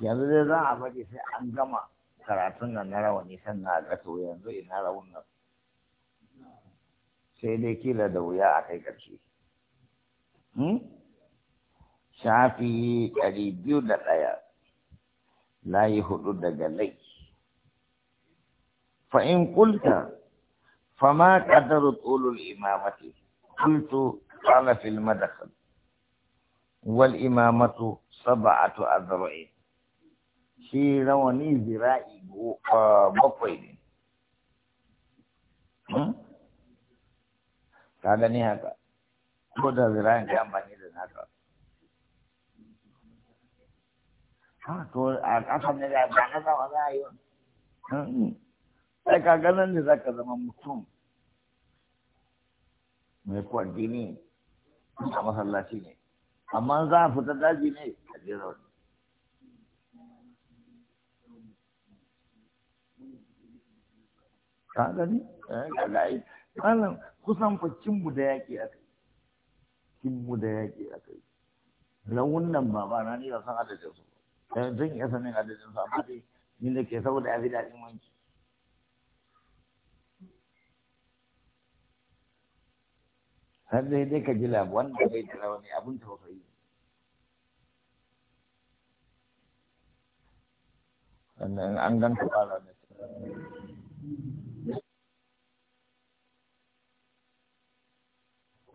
yanzu dai za a bari sai an gama karatun nan na rawani sannan a gato yanzu ina rawun nan sai dai kila da wuya a kai ƙarshe shafi ɗari biyu da ɗaya layi hudu daga lai fa'in kulta fama ƙadaru tsolul imamati kultu ƙala fil madakhal wal imamatu saba'atu azra'in shi rawani zira'i ah, bakwai ne hmm? ka gani haka ko da zira'in ka amfani da naka ha to a kasan ne da ba na zawa za a yi wani sai hmm. ka ganin ne za ka zama mutum mai kwanti ne a masallaci ne amma za a fita daji ne a jera wani ka gani eh, kaga ai malam kusan faccin mu da yaƙi a kai kin da yaƙi a kai launin baba na ni ba san adadin su eh, zan iya sanin adadin su amma dai ni da ke saboda ya fi daɗin wanki har dai dai ka ji labarin da bai da wani abin tausayi sannan an ganta ƙwara ne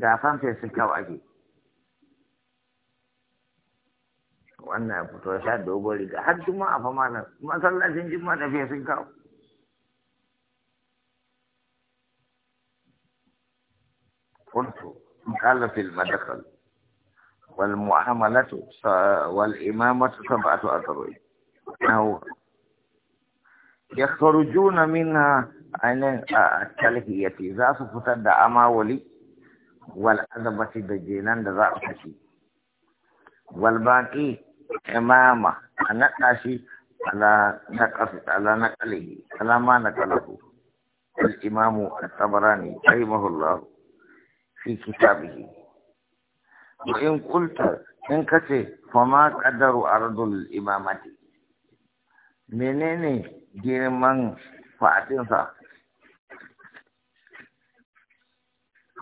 دافن في سكوا أجي وأنا بتوشاد دوبولي حد ثم أفهمنا ما صار لازم جمعة في سكوا قلت قال في المدخل والمعاملة والإمامة سبعة أطروي هو يخرجون منها عن التلهية إذا صفت الدعامة ولي wal azabati da jenan da za a saki wal baqi imama a naɗa shi ala naqas ala alama ala ma naqalahu al imamu ne tabarani mahullahu fi kitabihi Ba in kulta in kace fa ma a radul imamati menene girman fa'adinsa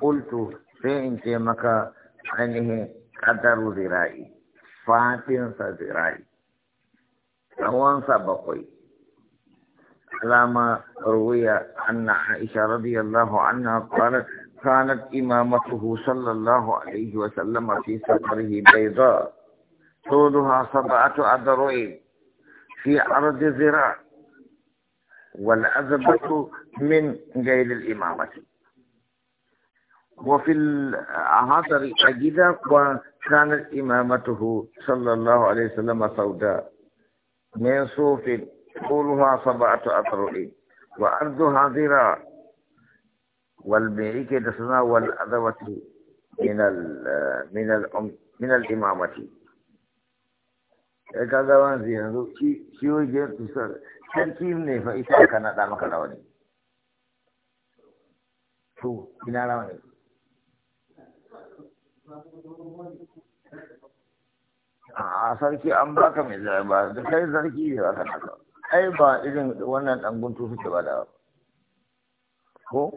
قلت فإن مكا عنه قدر ذرائي فاتن ذرائي روان سبقي لما روي أن عائشة رضي الله عنها قالت كانت إمامته صلى الله عليه وسلم في سفره بيضاء طولها سبعة أذرع في أرض ذراع والأذبة من غير الإمامة وفي العصر الأجدة وكانت إمامته صلى الله عليه وسلم سوداء من صوف طولها سبعة أطرع وأرضها ذراع والمعيك دسنا والأذوة من ال من ال من الإمامة كذا وانزين yanzu kiwogiyar tusar sarki ne fa isa kana da maka rawani to ina a sarki an baka mai zai ba da kai sarki ya ka haka ai ba irin wannan dan guntu suke ba da ko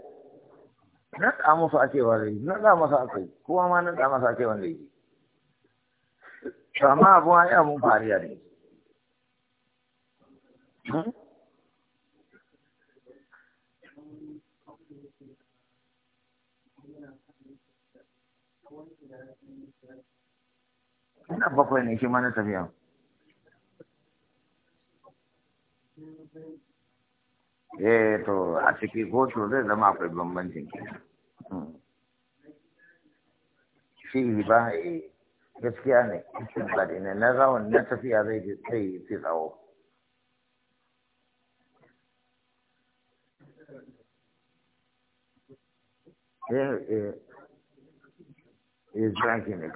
na da masa ake ba rai na da masa ake kuma ma na da masa ake wanda yi sama abu yi abun fariya ne ina bakwai ne shi mana tafiya eh to a ciki kotu zai zama akwai bambancin ke hmm. shi ba eh, gaskiya ne istibadi ne na zawon na tafiya zai sai fi tsawo eh eh ya zaki mai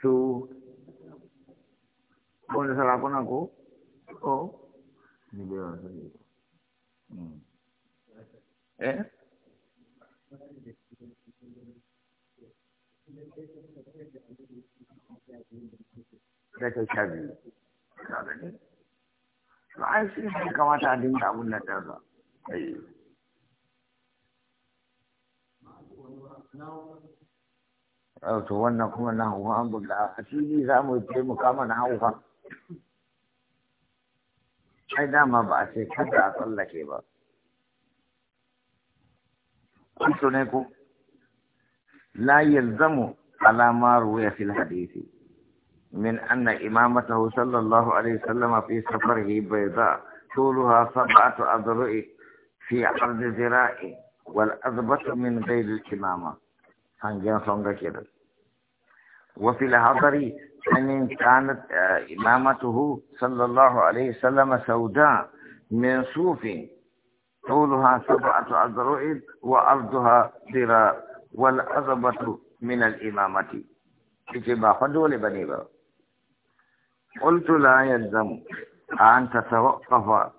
su wani sarakuna ko ko ni bai wani sani hmm. eh da kai sha biyu ka gani to shi ne kamata a dinga abun nan ɗansa أو تظنكم أنه هو أمر لا أسيدي زامو يتيم كما نعوفا حيدا ما بأسي حتى أصل لك إبا إيه قلت لا يلزم على ما روي في الحديث من أن إمامته صلى الله عليه وسلم في سفره بيضاء طولها سبعة أضرع في عرض ذرائه والأضبط من غير الإمامة هنجان سنجا كده وفي الحضر أن كانت إمامته صلى الله عليه وسلم سوداء من صوف طولها سبعة أذرع وأرضها ذراع والأضبط من الإمامة إجبا لبني بر قلت لا يلزم أن تتوقف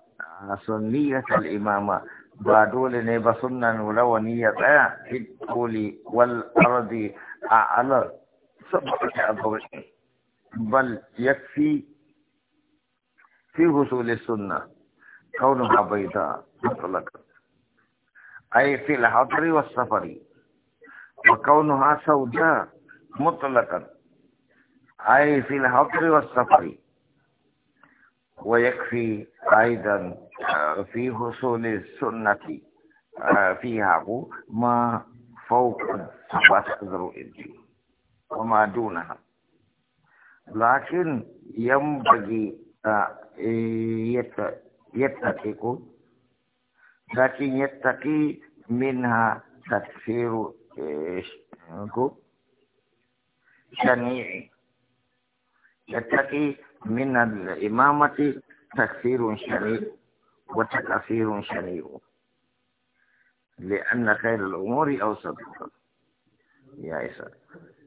سنية الإمامة با دول نه بسنن ولو نیت ایا ایت کولی والارضی اعلا سب بل يكفي في حصول السنة كونها بيضاء بیدا أي في فی والسفر وكونها سوداء ها أي في ای والسفر ويكفي أيضا في حصول السنة آه، فيها ما فوق سبعة ذروء وما دونها لكن ينبغي آه، يتقي لكن يتقي منها تكفير شنيعي يتقي من الإمامة تكفير شنيعي وتكاثير شنيع لأن خير الأمور أوسطها يا إسحاق